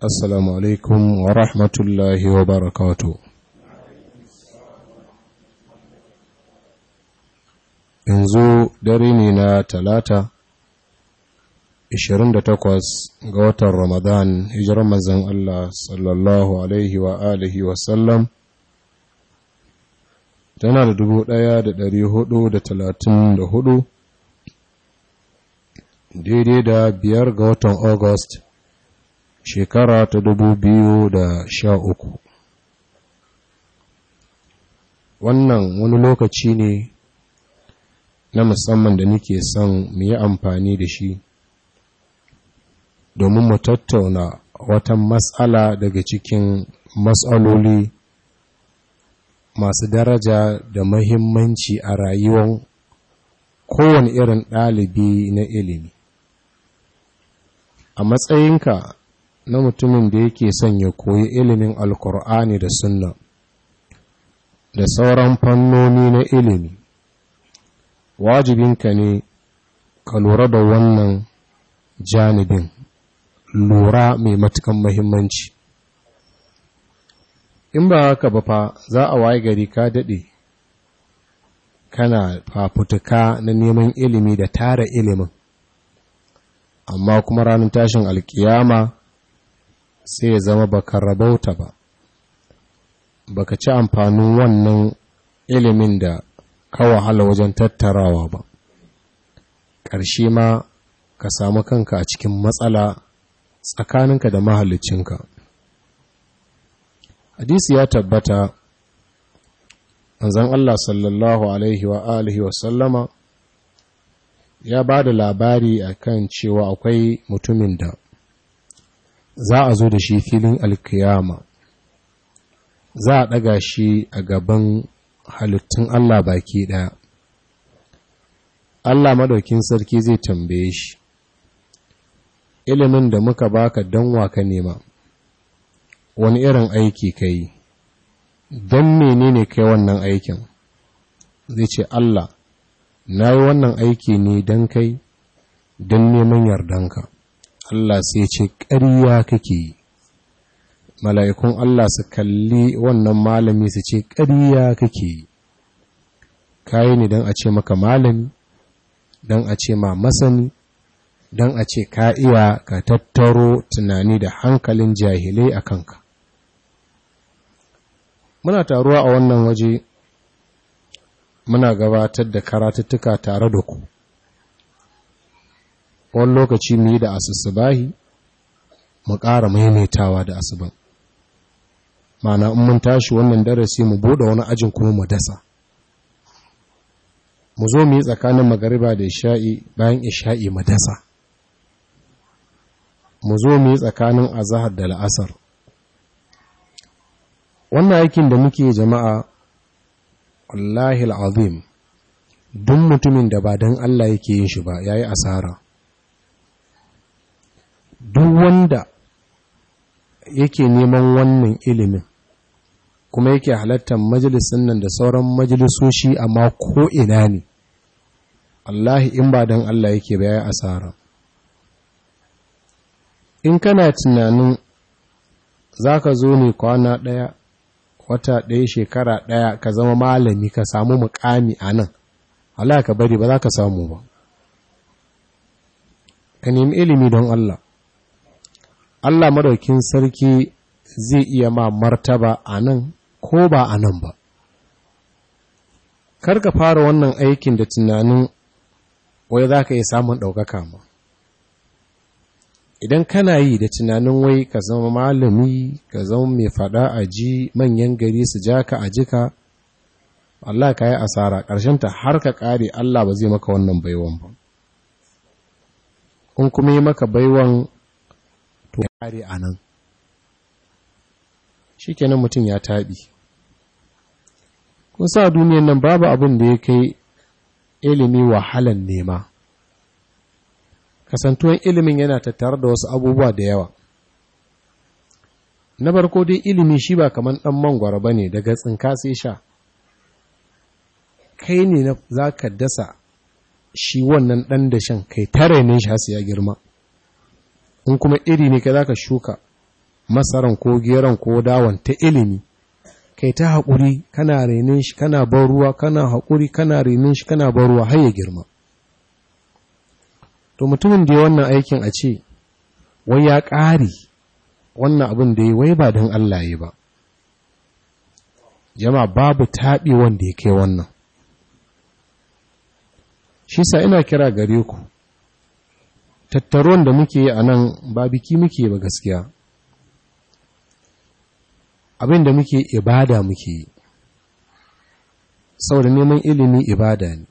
Assalamu alaikum wa rahmatullahi wa barakatu. Yanzu dare ne na talata, 28 ga watan Ramadan, hijirar mazan Allah sallallahu Alaihi wa alihi wasallam, tana da 1434 daidai da biyar ga watan August shekara ta dubu biyu da sha uku. wannan wani lokaci ne na musamman da nake son mu yi amfani da shi domin mu tattauna wata matsala daga cikin matsaloli masu daraja da mahimmanci a rayuwar kowane irin ɗalibi na ilimi a matsayinka na mutumin da yake son ya koyi ilimin alkur'ani da sunna da sauran fannoni na ilimi wajibinka ne ka lura da wannan janibin lura mai matukan mahimmanci in ba haka ba fa za a waye gari ka daɗe kana fafutuka na neman ilimi da tara ilimin amma kuma ranar tashin alkiyama sai ya zama baka rabauta ba baka ci amfanin wannan ilimin da ka wahala wajen tattarawa ba ƙarshe ma ka samu kanka a cikin matsala tsakaninka da mahallicinka hadisi ya tabbata anzan Allah sallallahu alaihi wa alihi wa sallama ya ba da labari akan cewa akwai mutumin da za a zo da shi filin alkiyama za a ɗaga shi a gaban halittun Allah baki ɗaya Allah maɗaukin sarki zai tambaye shi ilimin da muka baka don waka nema wani irin aiki ka yi don menene kai wannan aikin zai ce Allah na yi wannan aiki ne don kai don neman yardanka Allah sai ce ƙarya kake yi mala'ikun Allah su kalli wannan malami su ce ƙarya kake yi kayi ne don a ce maka malami don a ce ma masani don a ce ka iya ka tattaro tunani da hankalin jahilai a kanka muna taruwa a wannan waje muna gabatar da karatuttuka tare da ku wani lokaci mu yi da asusubahi mu ƙara maimaitawa da asuban mana in mun tashi wannan darasi mu buɗe wani ajin kuma mu dasa mu zo mu yi tsakanin magariba da isha'i bayan isha'i mu dasa mu zo mu yi tsakanin azahar da la'asar wannan aikin da muke jama'a wallahi al'azim duk mutumin da ba don Allah yake yin shi ba yayi asara duk wanda yake neman wannan ilimin kuma yake halattar majalisun nan da sauran majalisoshi amma ko ina ne Allahi in ba don Allah yake baya asara in kana tunanin za ka zo ne kwana ɗaya wata ɗaya shekara ɗaya ka zama malami ka samu mukami a nan Allah ka bari ba za ka samu ba ka nemi ilimi don Allah Allah madaukin sarki zai iya ma martaba a nan ko ba a nan ba. kar ka fara wannan aikin da tunanin wai za ka iya samun ɗaukaka ma. Idan kana yi da tunanin wai ka zama malami, ka zama mai faɗa a ji manyan gari su ja ka a jika, Allah ka yi asara, ta har ka ƙare Allah ba zai maka wannan baiwan ba. In kuma yi maka baiwan kare a nan shi kenan mutum ya taɓi Kun sa duniyan nan babu abin da ya kai ilimi wahalan nema kasantuwan ilimin yana tattare da wasu abubuwa da yawa na barko dai ilimi shi ba kamar ɗan mangwara ba ne daga tsinka sai sha kai ne za ka dasa shi wannan ɗan da shan kai tare ne shi ya girma in kuma iri ne ka za shuka masaran ko geron ko dawon ta ilimi kai ta haƙuri kana renin shi kana ban ruwa kana haƙuri kana renin shi kana ban ruwa har ya girma to mutumin da ya wannan aikin a ce wai ya ƙari wannan abin da ya wai ba don Allah ya ba jama babu taɓi wanda ya kai wannan shi sa ina kira gare ku tattaron da muke a nan ba biki muke ba gaskiya abin da muke ibada muke yi saboda neman ilimi ibada ne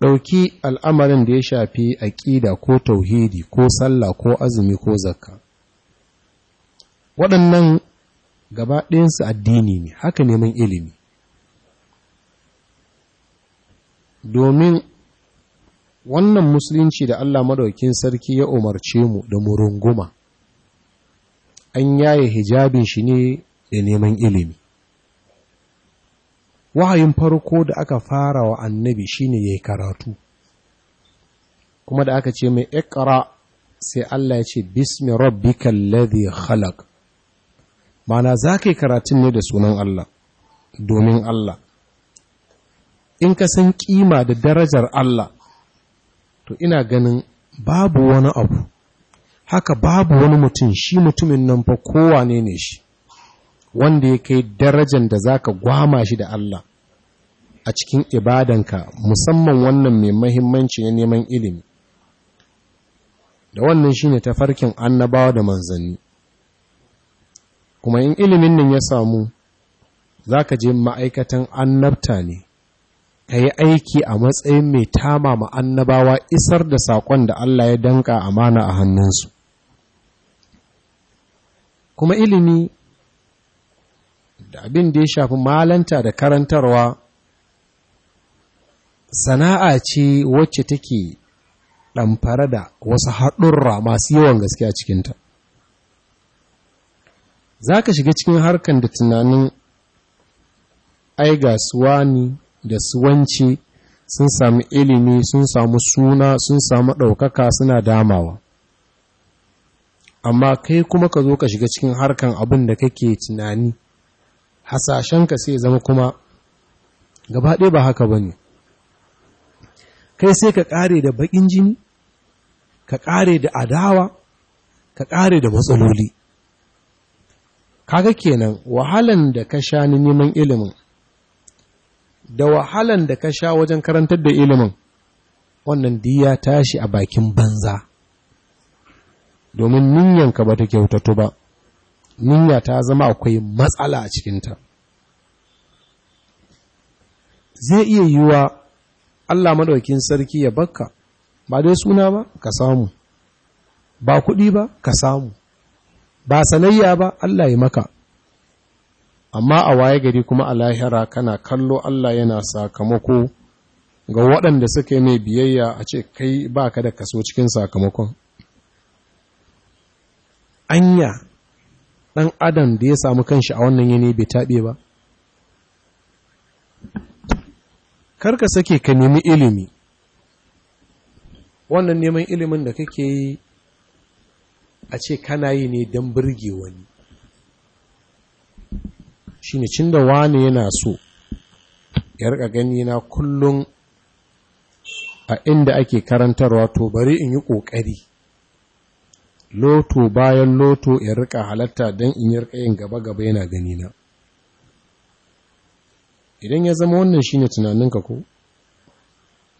ɗauki al'amarin da ya shafi aƙida ko tauhidi ko sallah ko azumi ko zakka waɗannan gaba ɗayansu addini ne haka neman ilimi domin wannan musulunci da Allah madaukin sarki ya umarce mu da murunguma. an yaye hijabin shi ne da neman ilimi wahayin farko da aka fara wa annabi shine yayi karatu kuma da aka ce mai iqra sai Allah ya ce bismi rabbikal ladhi khalaq mana yi karatun ne da sunan Allah domin Allah in ka san kima da darajar Allah to ina ganin babu wani abu haka babu wani mutum shi mutumin nan fa kowane ne shi wanda ya kai darajar da za ka gwama shi da Allah a cikin ibadanka musamman wannan mai mahimmanci na neman ilimi da wannan shine tafarkin annabawa da manzanni kuma in ilimin nan ya samu zaka je ma'aikatan annabta ne ka yi aiki a matsayin mai tama ma annabawa isar da saƙon da Allah ya danka amana a hannunsu kuma ilimi da abin da ya shafi malanta da karantarwa sana'a ce wacce take ɗamfara da wasu haɗurra masu yawan gaske a cikinta za ka shiga cikin harkan da tunanin ai gasuwa ne da suwanci sun sami ilimi sun samu suna sun samu ɗaukaka suna damawa amma kai kuma ka zo ka shiga cikin harkan abin da kake tunani hasashen hasashenka sai zama kuma gaba ɗaya ba haka ba ne kai sai ka ƙare da baƙin jini ka ƙare da adawa ka ƙare da matsaloli kaga kenan wahalan da ka sha ni neman ilimin da wahalan da ka sha wajen karantar da ilimin wannan diya tashi a bakin banza domin niyyanka ba ta kyautatu ba niyya ta zama akwai matsala a cikinta zai iya yiwuwa Allah maɗaukin sarki ya bakka ba dai suna ba ka samu ba kuɗi ba ka samu ba sanayya ba Allah ya maka amma a waye gari kuma a lahira kana kallo Allah yana sakamako ga waɗanda suka yi mai biyayya a ce kai ba ka da kaso cikin sakamakon anya ɗan adam da ya samu kanshi a wannan yanayi bai taɓe ba karka sake ka nemi ilimi wannan neman ilimin da kake yi a ce kana yi ne don birge wani Shin cin da Wani yana so ya rika gani na kullum a inda ake karantarwa to bari in yi ƙoƙari, loto bayan loto ya rika halatta don in yi yin gaba-gaba yana gani na idan ya zama wannan shi ne tunaninka ko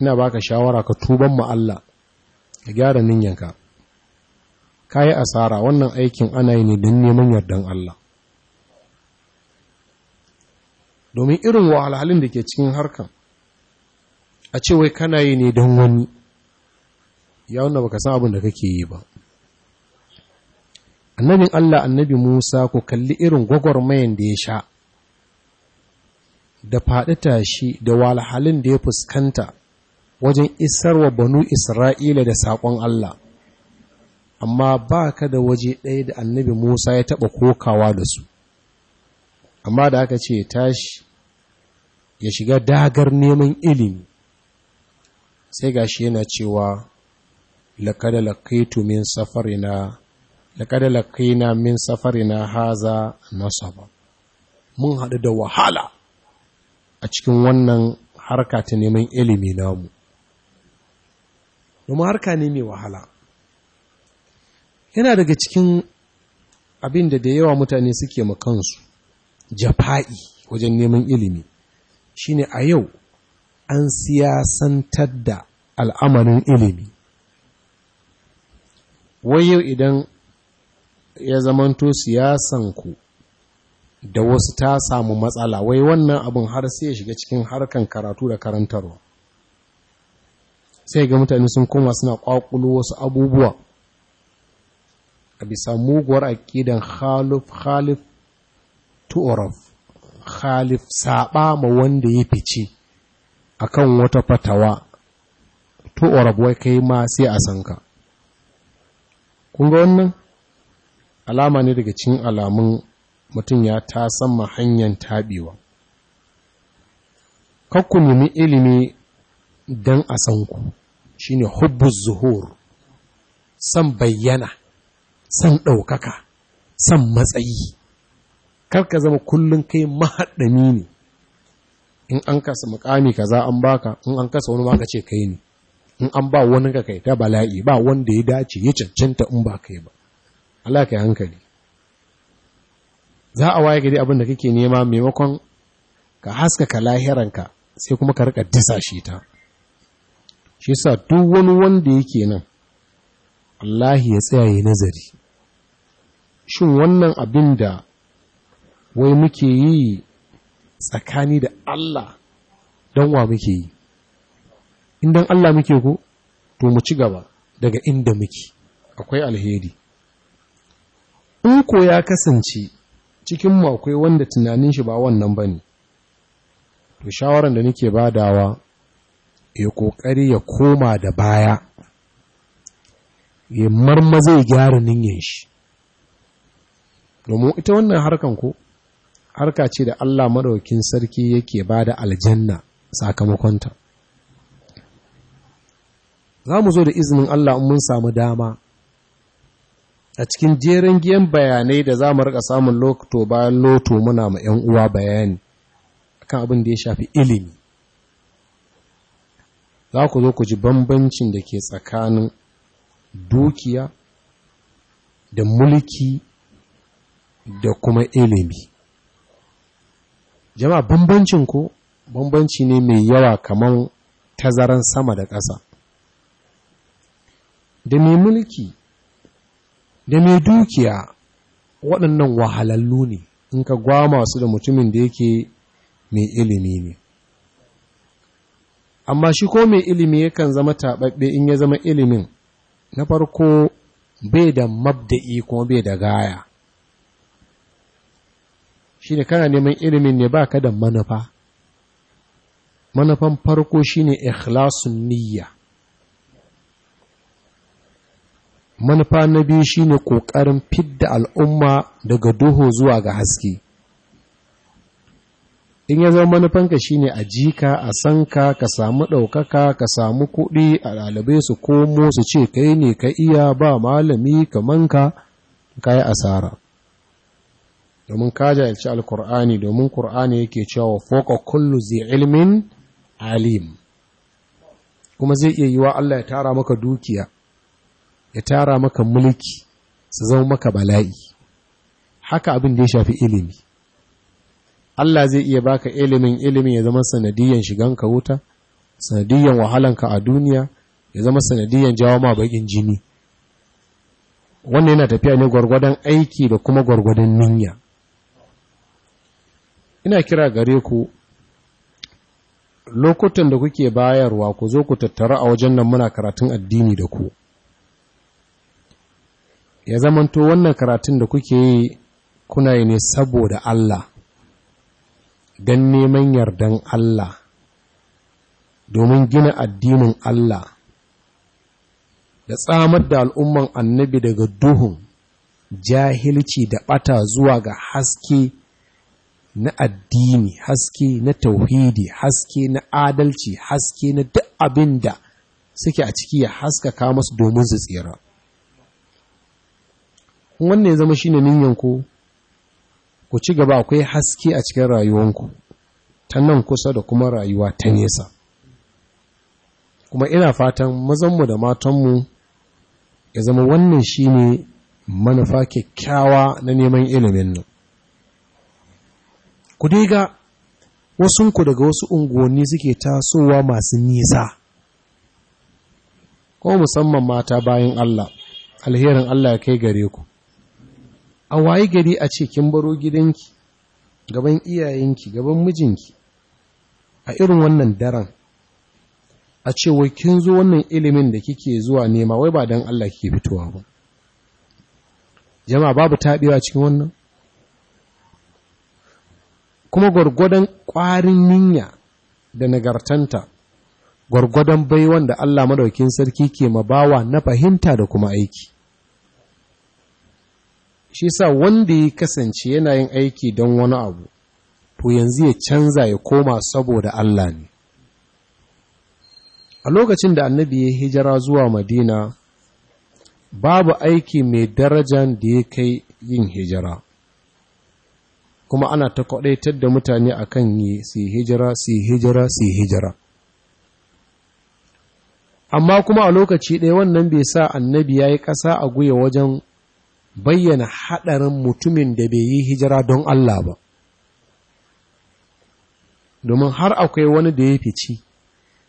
ina baka shawara ka tuban mu Allah ka gyara ninyanka ka yi asara wannan aikin ana yi ne don neman yardan Allah domin irin wahalhalun da ke cikin harkan a ce wai kana yi ne don wani ya wanda baka san abin da kake yi ba annabin Allah annabi Musa ko kalli irin gwagwarmayan da ya sha da faɗi tashi da walhalin da ya fuskanta wajen isarwa banu Isra'ila da saƙon Allah amma ba ka da waje ɗaya da annabi Musa ya taɓa kokawa da su amma da aka ce tashi ya shiga dagar neman ilimi sai gashi yana cewa laƙada laƙaitu min safarina na laƙaina min haza nasaba mun haɗu da wahala a cikin wannan harka ta neman ilimi namu domin harka ne mai wahala yana daga cikin abinda da da yawa mutane suke makansu jafa'i wajen neman ilimi shine a yau an siyasantar da al'amarin ilimi wai yau idan ya zamanto siyasanku da wasu ta samu matsala wai wannan abin har sai ya shiga cikin harkan karatu da karantarwa sai ga mutane sun koma suna kwakulo wasu abubuwa a bisa muguwar aƙidan khalif khalif tu'uraf khalif saba ma wanda ya fice akan wata fatawa tu'raf wai kai ma sai a san ka kun ga wannan alama ne daga cikin alamun mutum ya ta ma hanyar tabewa kakku nemi ilimi don a san ku shine hubbuz zuhur san bayyana san ɗaukaka san matsayi kar ka zama kullum kai mahaɗami ne in an kasa mukami kaza an baka in an kasa wani maka ce kai ne in an ba wani ka kai ta bala'i ba wanda ya dace ya cancanta in ba kai ba Allah kai hankali za a waye gari abin da kake nema maimakon ka haska haskaka lahiranka sai kuma ka rika disa shi ta shi sa duk wani wanda yake nan Allah ya tsaya nazari shin wannan abin da wai muke yi tsakani da Allah don wa muke yi inda Allah muke ku, to mu ci gaba daga inda muke akwai alheri in ko ya kasance cikin mu akwai wanda tunanin shi ba wannan bane to shawaran da nake badawa ya kokari ya koma da baya ya marmaza ya gyara ninyan shi domin ita wannan harkan ko harka ce da Allah maɗaukin sarki yake ba da aljanna sakamakonta za mu zo da izinin Allah mun samu dama a cikin jerin giyan bayanai da za mu rika samun loto bayan loto muna ma 'yan uwa bayani kan abin da ya shafi ilimi za ku zo ku ji bambancin da ke tsakanin dukiya da mulki da kuma ilimi jama'a bambancin ko bambanci ne mai yawa kamar tazaran sama da ƙasa da mai mulki da mai dukiya waɗannan wahalallu ne in ka gwama su da mutumin da yake mai ilimi ne amma shi ko mai ilimi yakan zama taɓaɓɓe in ya zama ilimin na farko bai da mabda'i kuma bai da gaya shi ne kana neman ilimin ne ba ka da manufa manufan farko shi ne ikhlasun niyya manufa na biyu shi ne ƙoƙarin fidda al'umma daga duhu zuwa ga haske in ya zama manufanka shi ne a jika a sanka ka samu ɗaukaka ka samu kuɗi a ɗalibai su komo su ce kai ne ka iya ba malami kamanka ka yi asara domin ka ci alkur'ani domin kur'ani yake cewa foka kullu zai ilmin alim kuma zai iya yiwa Allah ya tara maka dukiya ya tara maka mulki su zama maka bala'i haka abin da ya shafi ilimi Allah zai iya baka ilimin ilimi ya zama sanadiyan shiganka wuta sanadiyan wahalanka a duniya ya zama sanadiyan jawo ma bakin jini wannan yana tafiya ne gwargwadon aiki da kuma gwargwadon ninya ina kira gare ku lokutan da kuke bayarwa ku zo ku tattara a wajen nan muna karatun addini da ku ya zamanto wannan karatun da kuke yi kuna yi ne saboda Allah don neman yardan Allah domin gina addinin Allah da tsamar da al'umman annabi daga duhun jahilci da ɓata zuwa ga haske na addini haske na tauhidi haske na adalci haske na duk abin da suke a ciki ya haskaka masu domin su tsira wannan ya zama shi ne niyyarku ku ci gaba akwai haske a cikin rayuwanku ta nan kusa da kuma rayuwa ta nesa kuma ina fatan mazanmu da matanmu ya zama wannan shi ne manufa kyakkyawa na neman ilimin nan ku dai ga wasunku daga wasu unguwanni suke tasowa masu nisa ko musamman mata bayan Allah alherin Allah ya kai gare ku a waye gari a ce kin baro gidanki gaban iyayenki gaban mijinki a irin wannan daren a ce wai kin zo wannan ilimin da kike zuwa nema wai ba dan Allah kike fitowa ba jama'a babu tabiwa cikin wannan kuma gwargwadon ƙwarin ninya da nagartanta gwargwadon baiwan da Allah madaukin sarki ke mabawa na fahimta da kuma aiki shi sa wanda ya kasance yana yin aiki don wani abu to yanzu ya canza ya koma saboda Allah ne a lokacin da annabi ya hijira zuwa madina babu aiki mai darajan da ya kai yin hijira kuma ana ta kwadaitar da mutane akan yi su hijira su hijira su hijira amma kuma a lokaci ɗaya wannan bai sa annabi ya yi ƙasa a guya wajen bayyana haɗarin mutumin da bai yi hijira don Allah ba domin har akwai wani da ya fici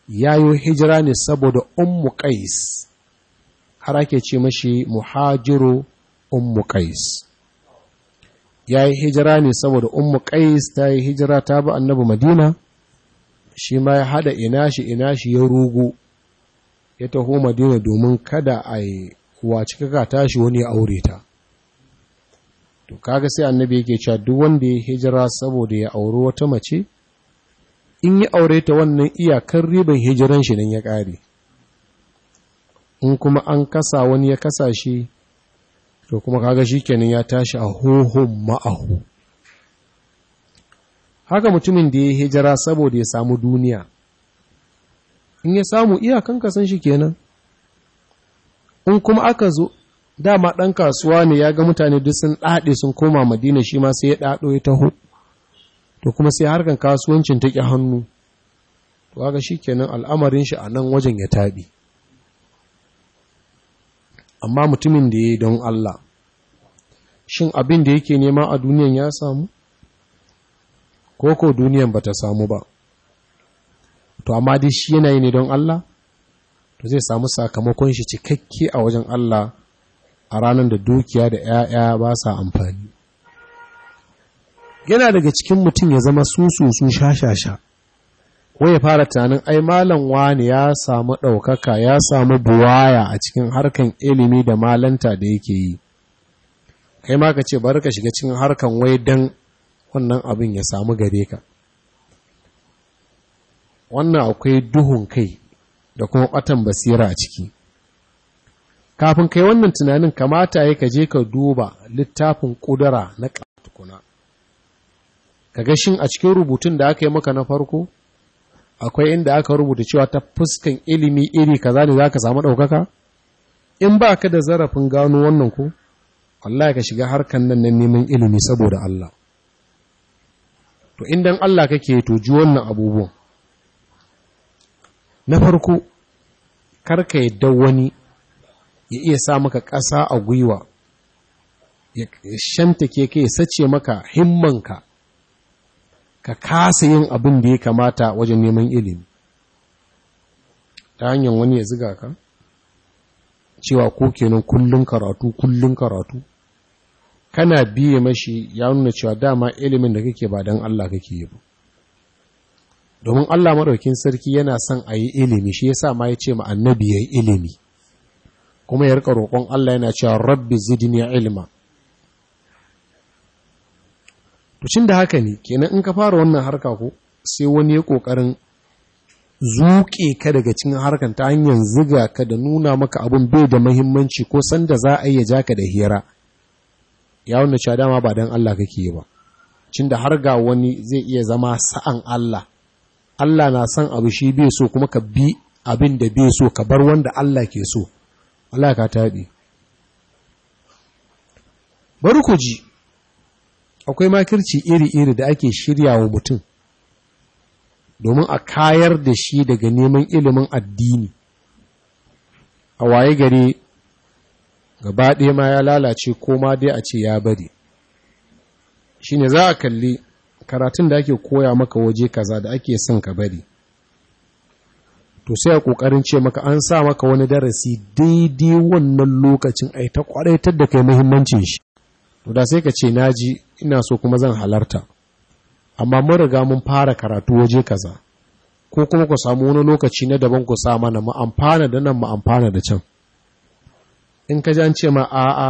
ya yi hijira ne saboda ummu qais har ake ce mashi muhajiru ummu qais ya yi hijira ne saboda ummu ƙais ta yi hijira ta bi annabi madina shi ma ya haɗa ina shi ina shi ya rugu ya taho madina domin kada a yi wace kaka tashi wani ya aure ta to kaga sai annabi yake cewa duk wanda ya hijira saboda ya auri wata mace in ya aure ta wannan iyakar riban hijiran shi nan ya ƙare in kuma an kasa wani ya kasa shi to kuma kaga shikenan ya tashi a hohon ma'ahu haka mutumin da ya yi hijira saboda ya samu duniya in ya samu iyakan kasan shi kenan in kuma aka zo dama ɗan kasuwa ne ya ga mutane duk sun ɗaɗe sun koma madina shi ma sai ya ɗaɗo ya taho to kuma sai harkan kasuwancin ta ƙi hannu to haka shi al'amarin shi a nan wajen ya taɓi amma mutumin da ya yi don Allah shin abin da yake nema a duniyan ya samu ko ko duniyan ba ta samu ba to amma dai shi yana yi ne don Allah to zai samu sakamakon shi cikakke a wajen Allah a ranar da dukiya da 'ya'ya ba sa amfani yana daga cikin mutum ya zama sun su shashasha. wai ya fara tunanin ai malam wani ya samu ɗaukaka ya samu buwaya a cikin harkan ilimi da malanta da yake yi kai ma ka ce bari ka shiga cikin harkan wai dan wannan abin ya samu gare ka wannan akwai duhun kai da kuma ɓatan basira a ciki kafin kai wannan tunanin kamata ya kaje ka duba littafin ƙudara na tukuna ka ga shin a cikin rubutun da aka yi maka na farko akwai inda aka rubuta cewa ta fuskan ilimi iri kaza ne zaka samu ɗaukaka in baka da zarafin gano wannan ko wallahi ka shiga harkan nan na neman ilimi saboda Allah to indan Allah kake to ji wannan abubuwan na farko karka yadda wani ya iya sa maka ƙasa a gwiwa ya shanta ke kai sace maka himmanka ka kasa yin abin da ya kamata wajen neman ilimi ta hanyar wani ya ziga ka cewa ko kenan kullum karatu kullum karatu kana biye mashi ya nuna cewa dama ilimin da kake ba don Allah kake yi domin Allah maɗaukin sarki yana son a yi ilimi shi ya sa ma ya ce ma annabi ya yi ilimi kuma ya rika roƙon Allah yana cewa rabbi zidni ilma to da haka ne kenan in ka fara wannan harka ko sai wani ya ƙoƙarin zuƙe ka daga cikin harkan ta hanyar ziga ka da nuna maka abin bai da mahimmanci ko sanda za a iya jaka da hira ya wanda cewa dama ba don Allah kake ba cin da har ga wani zai iya zama sa'an Allah Allah na san abu shi bai so kuma ka bi abin da bai so ka bar wanda Allah ke so Allah ka tabi bari ku ji akwai makirci iri-iri da ake shirya wa mutum domin a kayar da shi daga neman ilimin addini a waye gare gaba ɗaya ma ya lalace ko ma dai a ce ya bari shi ne za a kalli karatun da ake koya maka waje kaza da ake son ka bari to sai a ƙoƙarin ce maka an sa maka wani darasi daidai wannan lokacin ai ta ƙwaraitar da kai muhimmancin shi to da sai ka ce naji ina so kuma zan halarta amma mun riga mun fara karatu waje kaza ko kuma ku samu wani lokaci na daban ku sa mana mu amfana da nan mu amfana da can in ka ji an ce ma a'a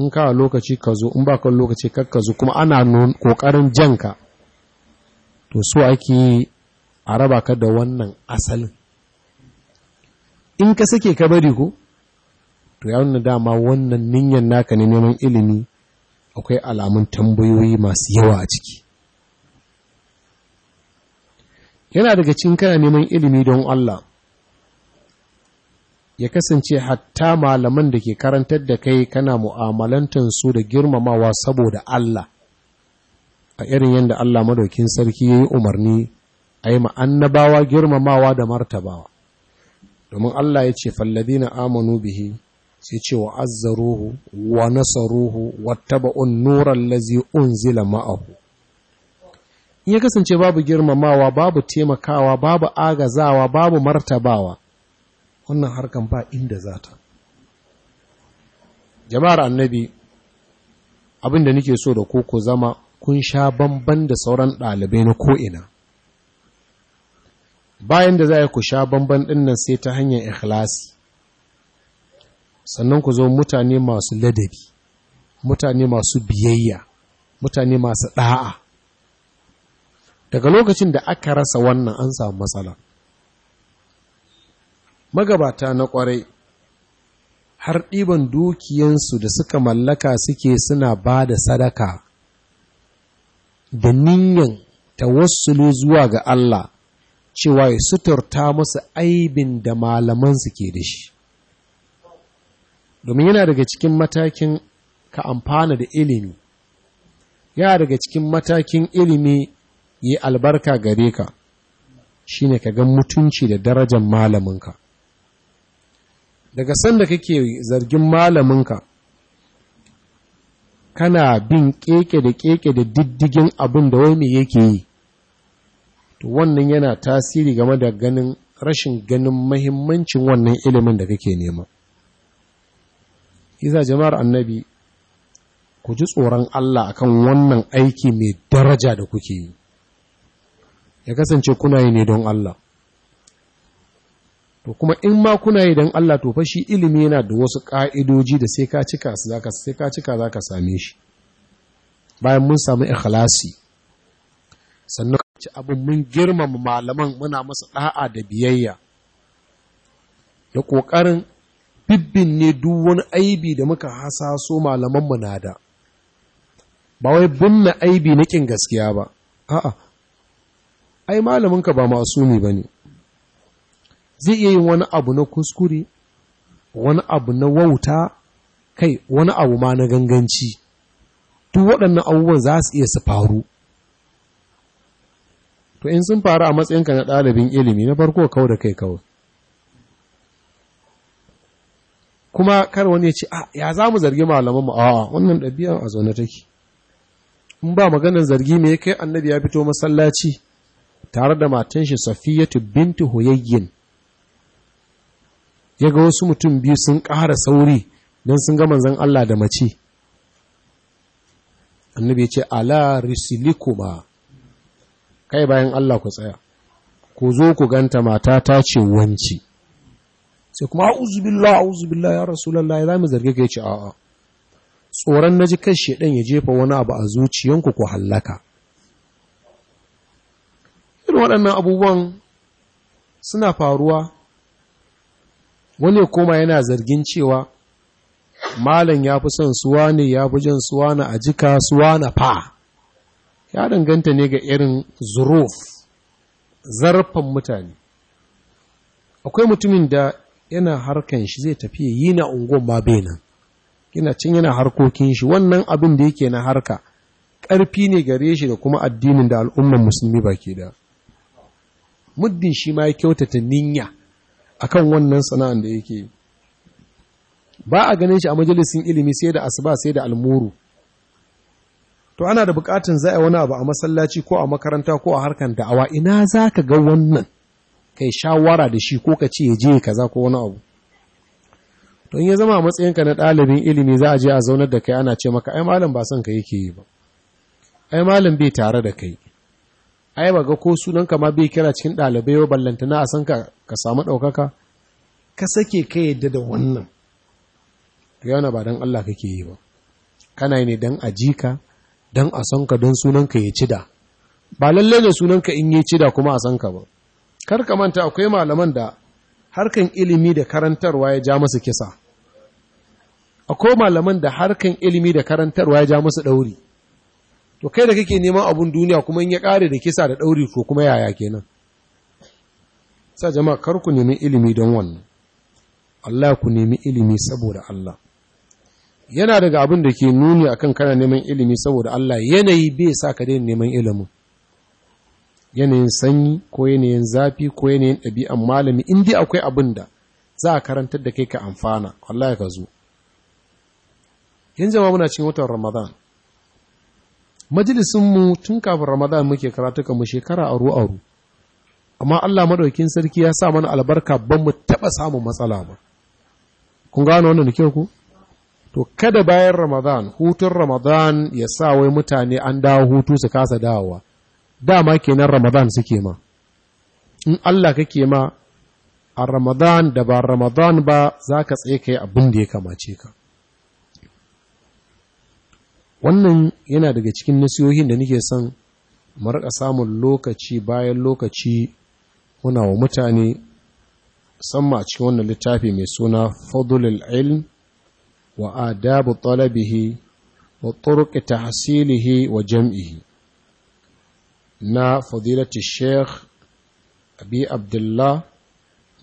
in ka lokaci ka zo in ba ka lokaci kar ka zo kuma ana kokarin janka to so ake a raba ka da wannan asalin in ka sake ka bari ko to ya nuna dama wannan ninyan naka ne neman ilimi akwai alamun tambayoyi masu yawa a ciki yana daga cikin kana neman ilimi don Allah ya kasance hatta malaman da ke karantar da kai kana mu'amalantar su da girmamawa saboda Allah a irin yadda Allah madaukin sarki ya yi umarni a yi ma'annabawa girmamawa da martabawa domin Allah ya ce na amanu bihi sai ce wa azzaruhu wa nasaruhu un nuran lazi unzila ma'ahu ya kasance babu girmamawa babu taimakawa babu agazawa babu martabawa wannan harkan ba inda za ta jama'ar annabi abin da nake so da ku zama kun sha bamban da sauran ɗalibai na ko'ina bayan da za ku sha bamban ɗinnan sai ta hanyar ikhlasi sannan ku zo mutane masu ladabi mutane masu biyayya mutane masu ɗa'a daga lokacin da aka rasa wannan an samu matsala magabata na ƙwarai har ɗiban dukiyansu da suka mallaka suke suna ba da sadaka da niyan tawassulu zuwa ga Allah cewa ya suturta musu aibin da malamansu ke da shi domin yana daga cikin matakin ka amfana da ilimi ya daga cikin matakin ilimi yi albarka gare ka shine ka ga mutunci da darajar malaminka daga sanda kake zargin malaminka kana bin keke da keke da diddigin abin da wani yake yi to wannan yana tasiri game da ganin rashin ganin mahimmancin wannan ilimin da kake nema iza jama'ar annabi ku ji tsoron Allah akan wannan aiki mai daraja da kuke yi ya kasance kuna yi ne don Allah to kuma in ma kuna yi don Allah to fashi ilimi yana da wasu ka'idoji da sai ka cika su zaka ka cika same shi bayan mun samu ikhlasi sannan ci abin mun girmama malaman muna masa da'a da biyayya da ƙoƙarin. bibbin ne duk wani aibi da muka hasaso malamanmu na da ba wai binne aibi na kin gaskiya ba a'a ai malaminka ba masumi ba ne zai iya yin wani abu na kuskure wani abu na wauta kai wani abu ma na ganganci duk waɗannan abubuwan za su iya su faru to in sun faru a matsayinka na ɗalibin ilimi na farko kau da kai kawai kuma kar wani ya ce a ah, ya za mu zargi mu? a wannan ɗabi'a a zaune take in ba maganar zargi me kai annabi ya fito masallaci tare da matan shi safiyatu Bintu huyayyin ya ga wasu mutum biyu sun ƙara sauri don sun ga manzon Allah da mace annabi ya ce ala risilikuma kai bayan Allah ku tsaya ku zo ku ganta mata ta ce wanci sai kuma a'uzu billahi a'uzu billahi ya rasulullahi za mu zarge ka ce a'a tsoron naji kashe shedan ya jefa wani abu a zuciyanku ku hallaka irin waɗannan abubuwan suna faruwa wani koma yana zargin cewa malam ya fi son suwa ne ya fi jan suwa na ajika suwa na fa ya danganta ne ga irin zuruf zarfan mutane akwai mutumin da yana harkan shi zai tafi yi na unguwan ba bai yana cin yana harkokin shi wannan abin da yake na harka ƙarfi ne gare shi da kuma addinin da al'umman musulmi ke da muddin shi ma ya kyautata niyya akan wannan sana'an da yake ba a ganin shi a majalisin ilimi sai da asuba sai da almuru to ana da bukatun a wani abu a masallaci ko a makaranta ko a harkan da'awa ina za ka ga wannan kai shawara da shi ko ka ce ya je kaza ko wani abu don ya zama a matsayinka na ɗalibin ilimi za a je a zaunar da kai ana ce maka ai malam ba son ka yake yi ba ai malam bai tare da kai ai ba ga ko sunanka ma bai kira cikin ɗalibai ba ballantana a san ka ka samu ɗaukaka ka sake ka yadda da wannan yana ba don Allah kake yi ba kana ne don a ji ka don a san ka don sunanka ya ci da ba lallai ne sunanka in yi cida kuma a san ka ba kar ka manta akwai malaman da harkan ilimi da karantarwa ya ja musu kisa akwai malaman da harkan ilimi da karantarwa ya ja musu ɗauri to kai da kake neman abun duniya kuma in ya ƙare da kisa da ɗauri ko kuma yaya kenan sa jama'a kar ku nemi ilimi don wannan Allah ku nemi ilimi saboda Allah yana daga abin da ke nuni akan kana neman ilimi saboda Allah yanayi bai sa ka daina neman ilimin yanayin sanyi ko yanayin zafi ko yanayin ɗabi'an malami in akwai abin da za a karantar da kai ka amfana wallahi ka zo yin jama muna cikin watan ramadan mu tun kafin ramadan muke karatuka mu shekara aro aro amma Allah maɗaukin sarki ya sa mana albarka ban mu taɓa samun matsala ba kun gano wannan da kyau ku to kada bayan ramadan hutun ramadan ya sa wai mutane an dawo hutu su kasa dawowa dama kenan ramadan suke ma in Allah kake ma a ramadan da ba ramadan ba za ka tsaye ka yi abin da ya kamace ka wannan yana daga cikin nasiyohin da nake son mu samun lokaci bayan lokaci muna wa mutane musamman a cikin wannan littafi mai suna fadlul ilm wa adabu talabihi wa turuq tahsilihi wa jam'ihi na fadilati sheikh abi abdullah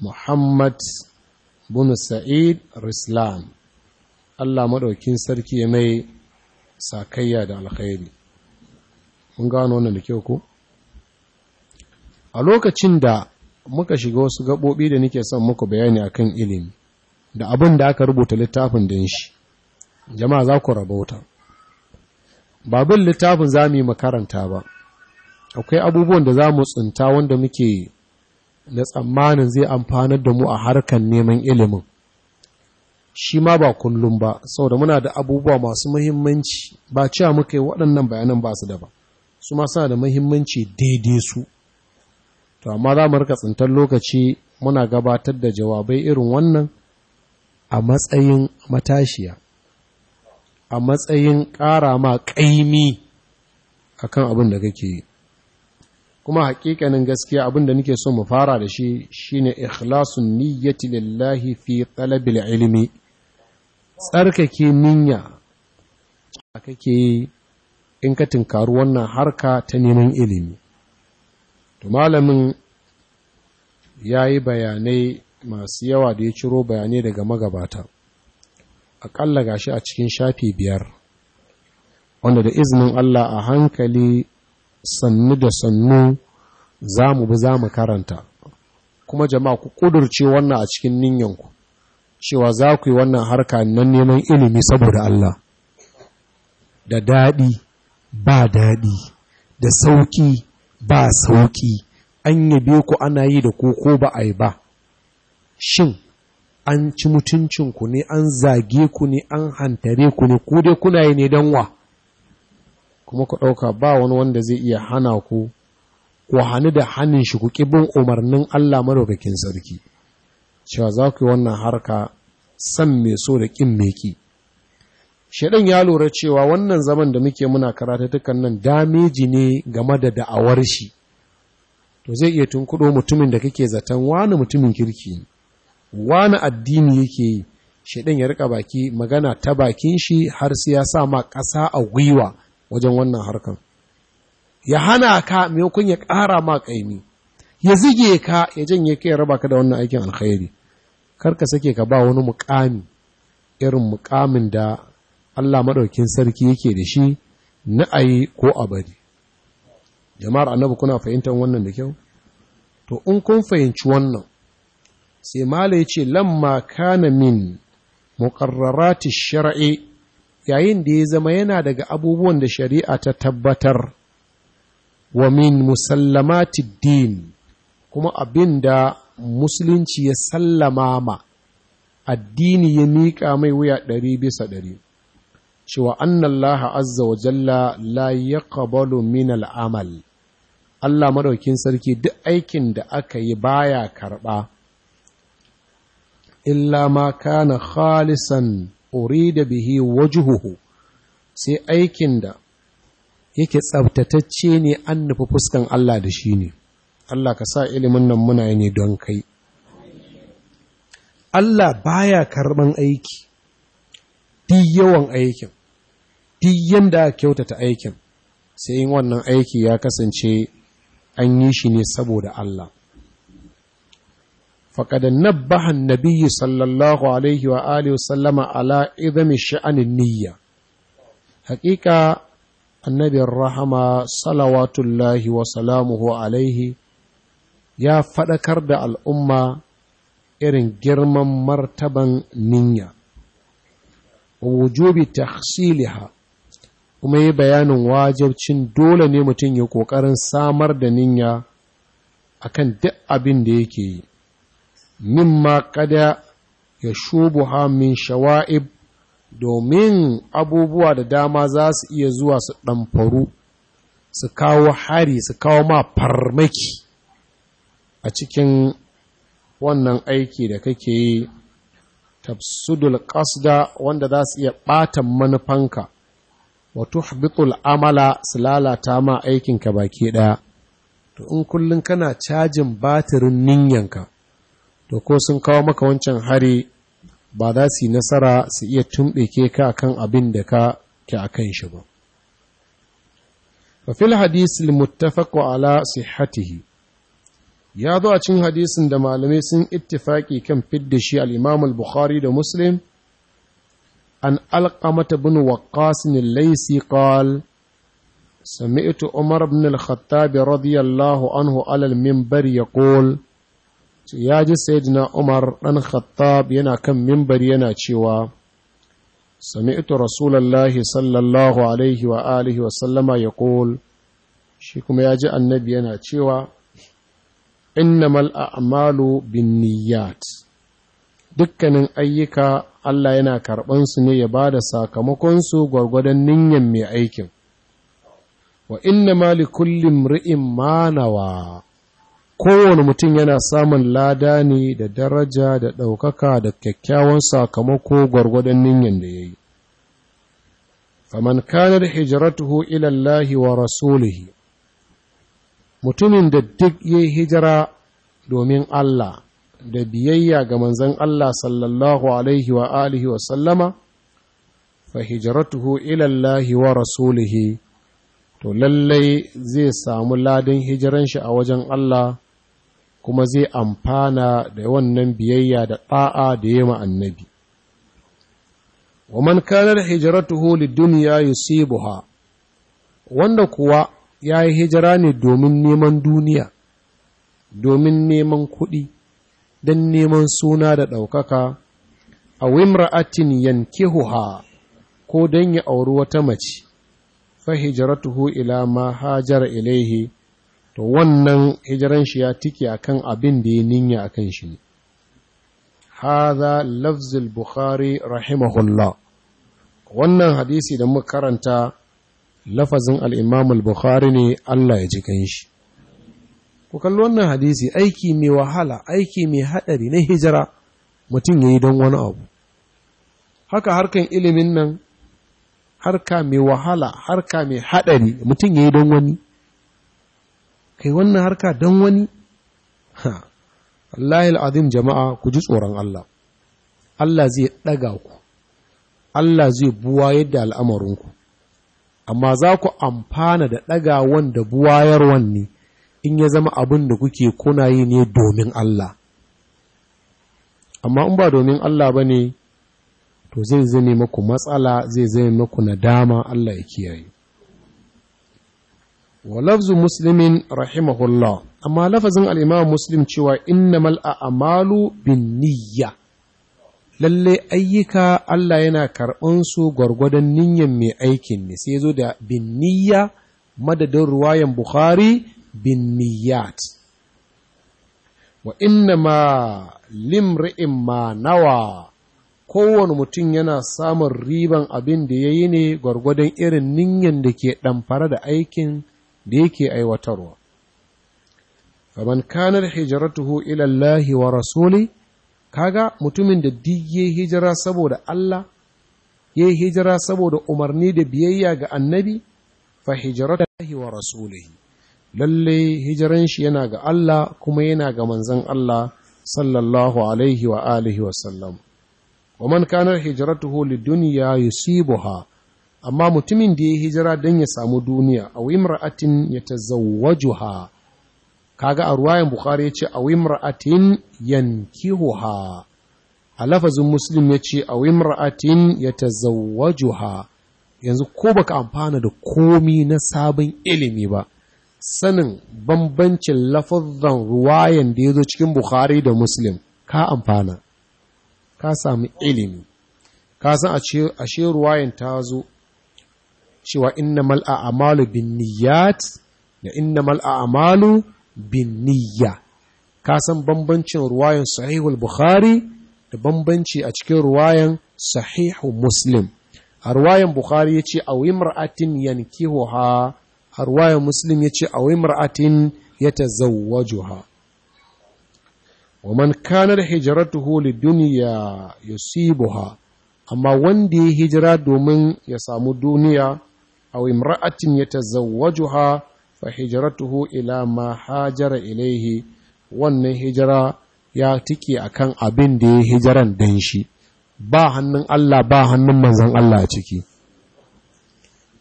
muhammad bin sa'id rislam allah maɗaukin sarki ya mai sakayya da alkhairi mun gano wannan da kyau ko a lokacin da muka shiga wasu gaɓoɓi da nake son muku bayani akan ilimi da abin da aka rubuta littafin din shi jama'a za ku rabauta babin littafin za mu yi makaranta ba akwai abubuwan da za mu tsinta wanda muke na tsammanin zai amfanar da mu a harkar neman ilimin shi ma ba kullum ba saboda muna da abubuwa masu muhimmanci ba cewa muka yi waɗannan bayanan ba su da ba su ma suna da muhimmanci daidai su to amma za mu rika tsintar lokaci muna gabatar da jawabai irin wannan a matsayin matashiya a matsayin ƙara ma ƙaimi akan abin da kake yi kuma hakikanin gaskiya abin da nake so mu fara da shi shine ikhlasun niyyati lillahi fi talabil ilmi tsarkake niyya a kake yi in ka tinkaru wannan harka ta neman ilimi to malamin yayi bayanai masu yawa da ya ciro bayanai daga magabata akalla gashi a cikin shafi biyar wanda da izinin Allah a hankali sannu da sannu za mu bi za mu karanta kuma jama'a ku kudurce wannan a cikin ninyanku cewa za ku yi wannan harka nan neman ilimi saboda Allah da daɗi ba daɗi da sauƙi ba sauƙi an yabe ku ana yi da ku ko ba a yi ba shin an ci mutuncinku ne an zage ku ne an hantare ku ne ku dai kuna yi ne don wa kuma ku ɗauka ba wani wanda zai iya hana ku ku hannu da hannun shi ku bin umarnin Allah maraukakin sarki cewa za ku yi wannan harka san mai so da ƙin mai ƙi shaidan ya lura cewa wannan zaman da muke muna dukkan nan dameji ne game da da'awar shi to zai iya tunkuɗo mutumin da kake zaton wani mutumin kirki ne wani addini yake yi shaidan ya rika baki magana ta bakin shi har sai ya sa ma ƙasa a gwiwa wajen wannan harkan ya hana ka maimakon ya ƙara ma ƙaimi ya zige ka ya janye ka ya raba ka da wannan aikin alkhairi kar ka sake ka ba wani mukami irin mukamin da Allah maɗaukin sarki yake da shi na ayi ko a bari jama'ar annabi kuna fahimtar wannan da kyau to in kun fahimci wannan sai mala ya ce lamma kana min muqarrarati shar'i yayin da ya zama yana daga abubuwan da shari'a ta tabbatar wa min musallamatiddin kuma abin da musulunci ya sallama ma addini ya miƙa mai wuya ɗari bisa ɗari cewa annallaha azza wa jalla la yaqbalu min al'amal Allah maɗaukin sarki duk aikin da aka yi baya karɓa illa ma kana khalisan urida bihi wajhuhu sai aikin da yake tsabtatacce ne an nufi fuskan Allah da shi ne Allah ka sa ilimin nan muna ne don kai Allah baya karban aiki duk yawan aikin duk yanda kyautata aikin sai yin wannan aiki ya kasance an yi shi ne saboda Allah faƙada bahan Nabiyyu sallallahu alaihi wa alihi sallama ala idami sha'anin niyya haƙiƙa annabin rahama salawatullahi ya faɗakar da al'umma irin girman martaban niyya wa wujubi tahsiliha kuma yi bayanin wajabcin dole ne mutum ya ƙoƙarin samar da niyya akan duk abin da yake yi mimma kada ya shubuha min shawa'ib domin abubuwa da dama za su iya zuwa su ɗamfaru su kawo hari su kawo ma farmaki a cikin wannan aiki da kake yi tafsudul qasda wanda za su iya ɓata manufanka wato habitul amala su lalata ma aikinka baki ɗaya to in kullum kana cajin batirin ninyanka to ko sun kawo maka wancan hari ba za su yi nasara su iya tumɓeke ka akan abin da ka ke a kan shi ba fa fil hadis al ala sihhatihi ya zo a cikin hadisin da malamai sun ittifaki kan fidda shi al-Imam al-Bukhari da Muslim an alqamata bin Waqqas bin Laysi qal sami'tu Umar ibn al radiyallahu anhu ala al ya yaqul ya ji sayyidina umar ɗan khattab yana kan mimbari yana cewa sami'tu rasulallahi sallallahu alaihi wa alihi wa sallama ya ƙol shi kuma ya ji annabi yana cewa innamal a'malu bin dukkanin ayyuka Allah yana su ne ya ba da sakamakonsu gwargwadon ninyan mai aikin wa inna mali kullum ri'in manawa kowane mutum yana samun lada ne da daraja da ɗaukaka da kyakkyawan sakamako gwargwadon ninyan da ya yi faman kanar hijiratuhu ilallahi wa rasulihi mutumin da duk ya yi hijira domin Allah da biyayya ga manzan Allah sallallahu alaihi wa alihi wa sallama fa hijiratuhu ilallahi wa rasulihi to lallai zai samu ladin hijiran shi a wajen Allah kuma zai amfana da wannan biyayya da ɗa'a da ya annabi. wa man kanar hijiratuhu lidduniya yusibuha wanda kuwa ya yi hijira ne domin neman duniya domin neman kuɗi don neman suna da ɗaukaka a wimra'atin yankihuha ko don ya auri wata mace fa hijiratuhu ila ma hajara ilaihi to wannan hijiran shi ya tike akan abin da ya ninya akan shi ne haza lafzil bukhari rahimahullah wannan hadisi da muka karanta lafazin al-imam bukhari ne Allah ya ji kanshi ku kalli wannan hadisi aiki mai wahala aiki mai hadari na hijira mutum yayi don wani abu haka harkan ilimin nan harka mai wahala harka mai hadari mutum yayi don wani kai wannan harka don wani ha Allah al’adim jama'a ku ji tsoron Allah Allah zai ɗaga ku Allah zai buwayar da al'amarinku amma za ku amfana da ɗagawan da buwayarwan ne in ya zama abin da kuke kuna yi ne domin Allah amma in ba domin Allah ba ne to zai zane maku matsala zai zame maku nadama Allah ya kiyaye wa lafzu muslimin rahimahullah amma lafazin al'imam muslim cewa innamal a'malu bin niyya lalle ayyuka Allah yana karɓan su gwargwadon niyyan mai aikin ne sai zo da bin niyya madadin ruwayan Bukhari bin niyyat wa innama limri'in ma nawa kowane mutum yana samun riban abin da ya yi ne gwargwadon irin niyyan da ke ɗamfara da aikin da yake aiwatarwa faman kanar hijratuhu ila Allah wa rasuli kaga mutumin da duk hijira saboda Allah yayi hijira saboda umarni da biyayya ga annabi fa hijratuhu wa rasulihi lalle hijiran shi yana ga Allah kuma yana ga manzon Allah sallallahu alaihi wa alihi wa sallam wa man kana hijratuhu lidunya yusibuha amma mutumin da ya hijira don ya samu duniya a imra'atin ya ta tazawwajuha kaga a ruwayan bukhari yace a imra'atin yankihuha a lafazin muslim ce a imra'atin ya ta tazawwajuha yanzu ko baka amfana da komi na sabon ilimi ba sanin bambancin lafazan ruwayan da ya zo cikin bukhari da muslim ka amfana ka sami ilimi ka san ashe ruwayan ta zo cewa innamal a'malu binniyat da innamal a'malu binniyya ka san bambancin ruwayan sahihul bukhari da bambanci a cikin ruwayan sahihu muslim a ruwayan bukhari yace aw mar'atin yankihuha a ruwayan muslim yace aw imra'atin yatazawwajuha ومن كانت هجرته للدنيا يصيبها amma wanda ya hijira domin ya samu duniya أو امرأة يتزوجها فهجرته إلى ila ma إليه ilaihi wannan hijira ya tike kan abin da ya hijiran dan shi ba hannun Allah ba hannun manzon Allah a ciki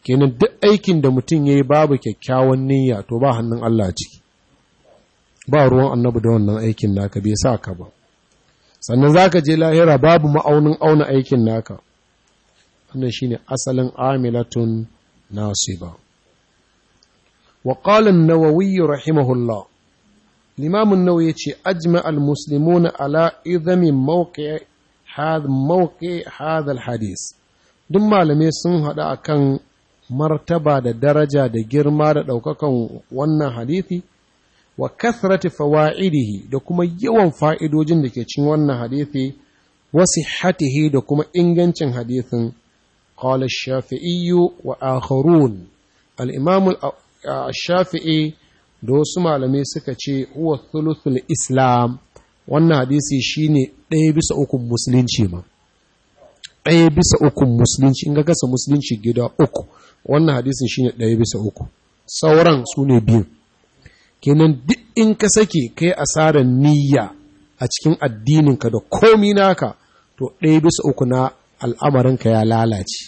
kenan duk aikin da mutum yayi babu kyakkyawan niyya to ba hannun Allah a ciki ba ruwan annabi da wannan aikin naka bai sa ka ba sannan zaka je lahira babu ma'aunin auna aikin naka wannan shine asalin amilatun ناصبا وقال النووي رحمه الله الإمام النووي أجمع المسلمون على إذم موقع هذا موقع هذا الحديث duk malamai sun haɗu akan martaba da daraja da girma da ɗaukakan wannan hadithi wa kasrati fawa'idihi da kuma yawan fa'idodin da ke cin wannan hadisi, wa sihhatihi da kuma ingancin hadithin قال الشافعي وآخرون الإمام الشافعي da wasu malamai suka ce huwa thuluthul islam wannan hadisi shine daya bisa ukun musulunci ma Daya bisa ukun musulunci in ga gasa musulunci gida uku wannan hadisin shine daya bisa uku sauran su ne biyu kenan duk in ka sake kai asarar niyya a cikin addininka da komi naka to ɗaya bisa uku na al'amarinka ya lalace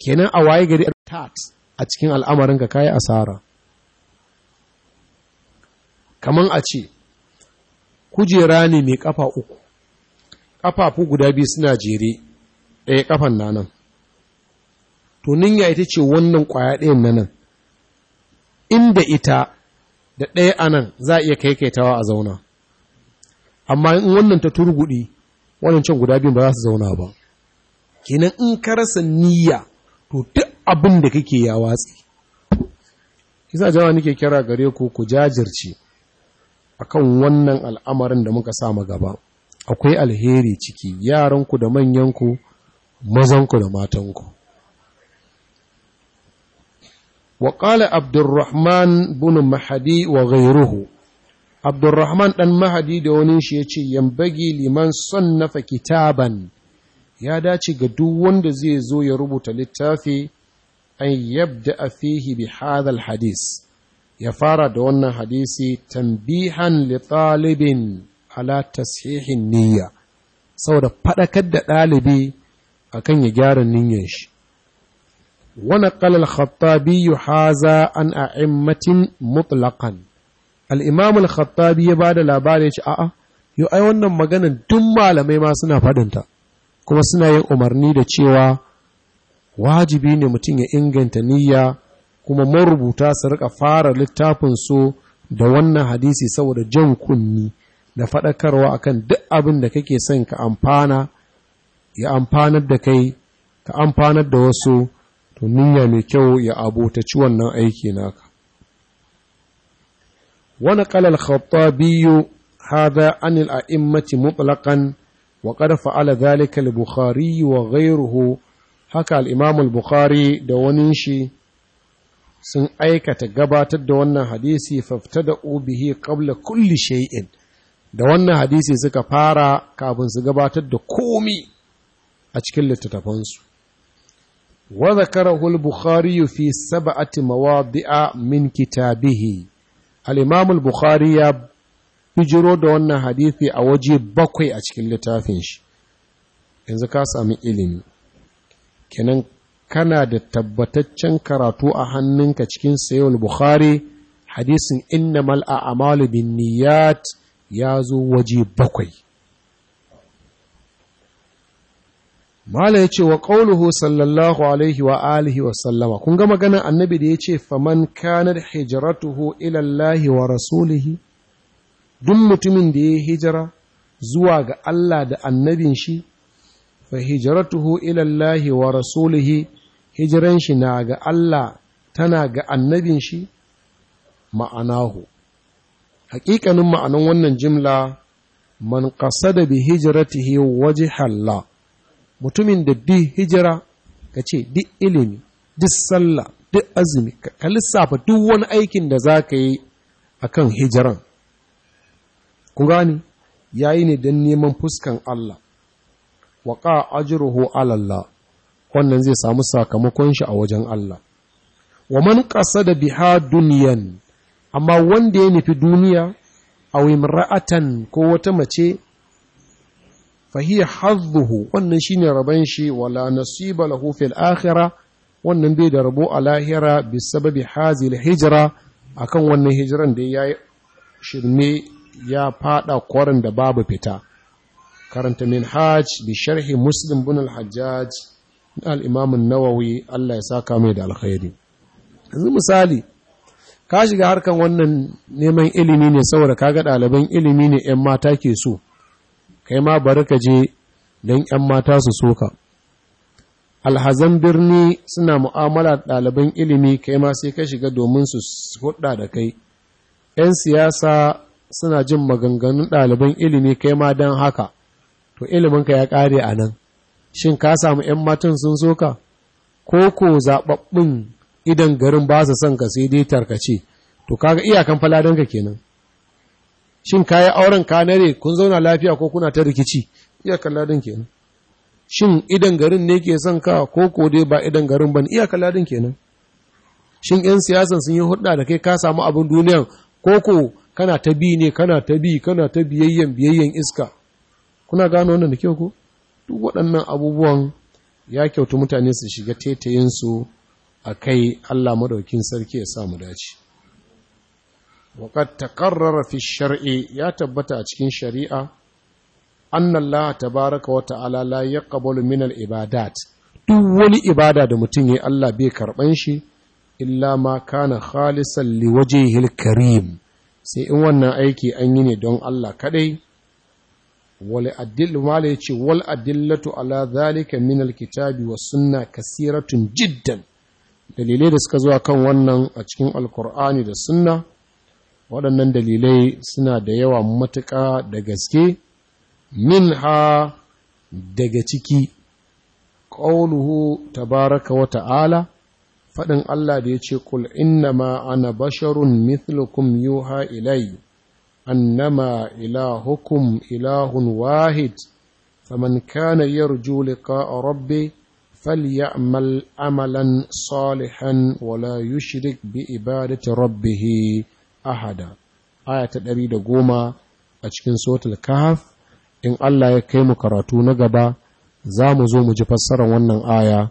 kenan a waye gari tat a cikin al'amarinka kayi asara kaman a ce kujera ne mai kafa uku kafafu guda biyu suna jere ɗaya kafan na nan to ita ce wannan ƙwaya ɗayan na nan inda ita da ɗaya a nan za a iya kaikaitawa a zauna amma in wannan ta turguɗi wannan can guda biyun ba za su zauna ba kenan in ka rasa niyya to duk abin da kake ya watsi kisa jawa nake kira gare ku ku jajirce akan wannan al'amarin da muka sa gaba akwai alheri ciki yaranku da manyanku mazanku da matanku وقال عبد الرحمن بن محدي وغيره عبد الرحمن دان محدي da wani shi yace yambagi liman sannafa kitaban ya dace ga duk wanda zai zo ya rubuta littafi an yabda a fihi bi hadal hadis ya fara da wannan hadisi tambihan li talibin ala tashihin niyya saboda faɗakar da ɗalibi akan ya gyara niyyar shi ونقل الخطابي هذا عن al-khattabi ya الخطابي بعد لا بارش آه يو ai wannan maganan duk malamai ma suna faɗinta. kuma suna yin umarni da cewa wajibi ne mutum ya inganta niyya kuma marubuta su rika fara littafin so da wannan hadisi saboda jan kunni da faɗakarwa akan duk abin da kake son ka amfana ya amfanar da kai ka amfanar da wasu to niyya mai kyau ya abotaci wannan aiki naka wani kalal khattabiyu hada anil a'immati mutlaqan Waƙar fa'ala dhalika al-bukhari wa ghayruhu haka al bukhari da wani shi sun aikata gabatar da wannan hadisi faftada bihi qabla kulli shay'in da wannan hadisi suka fara kafin su gabatar da komi a cikin littattafansu wa zakarahu al-bukhari fi sab'ati mawadi'a min kitabihi al-imam al-bukhari ya hijiro da wannan hadithi a waje bakwai a cikin littafin shi yanzu ka sami ilimi kenan kana da tabbataccen karatu a hannunka cikin sayon bukhari hadisin Mal'a a malubin niyyat ya zo waje bakwai Mala ya ce wa ƙauluhu sallallahu alaihi wa alihi wa sallama, kun ga ganin annabi da ya ce, Faman kanar hijiratuhu ilallahi wa rasulihi, duk mutumin da ya hijira zuwa ga Allah da annabin shi fa hijiratuhu ila Allah wa rasulihi hijiran shi na ga Allah tana ga annabin shi ma'anahu haƙiƙanin ma'anan wannan jimla man qasada bi hijratihi waje halla. mutumin da bi hijira ce duk ilimi duk sallah duk azumi ka lissafa duk wani aikin da za ka yi a kan hijiran kun gani yi ne don neman fuskan Allah waƙa ajruhu ala alalla wannan zai samu sakamakon shi a wajen Allah wa man da biha duniyan amma wanda ya nufi duniya aw imra'atan ko wata mace fahiya hazzuhu wannan shi ne raban shi wala nasiba lahu fil akhira wannan bai da rabo a lahira bisababi hazil hijira akan wannan hijiran da ya shirme ya fada kwarin da babu fita karanta minhaj bi sharhi muslim bin al-hajjaj al-imam an-nawawi Allah ya saka mai da alkhairi yanzu misali ka shiga harkan wannan neman ilimi ne saboda kaga ɗaliban ilimi ne 'yan mata ke so kai ma bari ka je dan 'yan mata su soka alhazan birni suna mu'amala ɗaliban ilimi kai ma sai ka shiga domin su hudda da kai 'yan siyasa suna jin maganganun ɗaliban ilimi kai ma don haka to iliminka ya ƙare a nan shin ka samu 'yan matan sun so ka ko ko zaɓaɓɓun idan garin ba su son ka sai dai tarkace to kaga iyakan faladanka kenan shin ka yi auren ka nare kun zauna lafiya ko kuna ta rikici iyakan ladin kenan shin idan garin ne ke son ka ko ko dai ba idan garin ba iyakan ladin kenan shin 'yan siyasan sun yi hudda da kai ka samu abin duniyan ko ko kana ta bi ne kana ta bi kana ta biyayyen biyayyen iska kuna gano wannan da kyau ko duk waɗannan abubuwan ya kyautu mutane su shiga tetayinsu a kai Allah madaukin sarki ya sa mu dace وقد fi shari'a ya tabbata a cikin shari'a anna Allah ta wa ta'ala la yaqbalu min al-ibadat duk wani ibada da mutum yayi Allah bai karɓan shi illa ma kana khalisan liwajhihil karim sai in wannan aiki an yi ne don Allah kadai wal adil wale yace wal adillatu ala zalika min alkitabi was sunna kasiratun jiddan dalilai da suka zuwa kan wannan a cikin alkur'ani da sunna waɗannan dalilai suna da yawa matuƙa da gaske min ha daga ciki ƙauluhu tabaraka wa ta'ala faɗin Allah da ya ce, Kul inna ma ana basharun mithlukum yuha ilai, annama ilahukum ilahun wahid, faman kana yarju liqa a rabbi, ya amalan salihan wala yushrik bi ibadati he ahada. Aya ta ɗari da goma a cikin sotal kahaf, in Allah ya kai mu karatu na gaba, za mu zo mu ji fassarar wannan aya.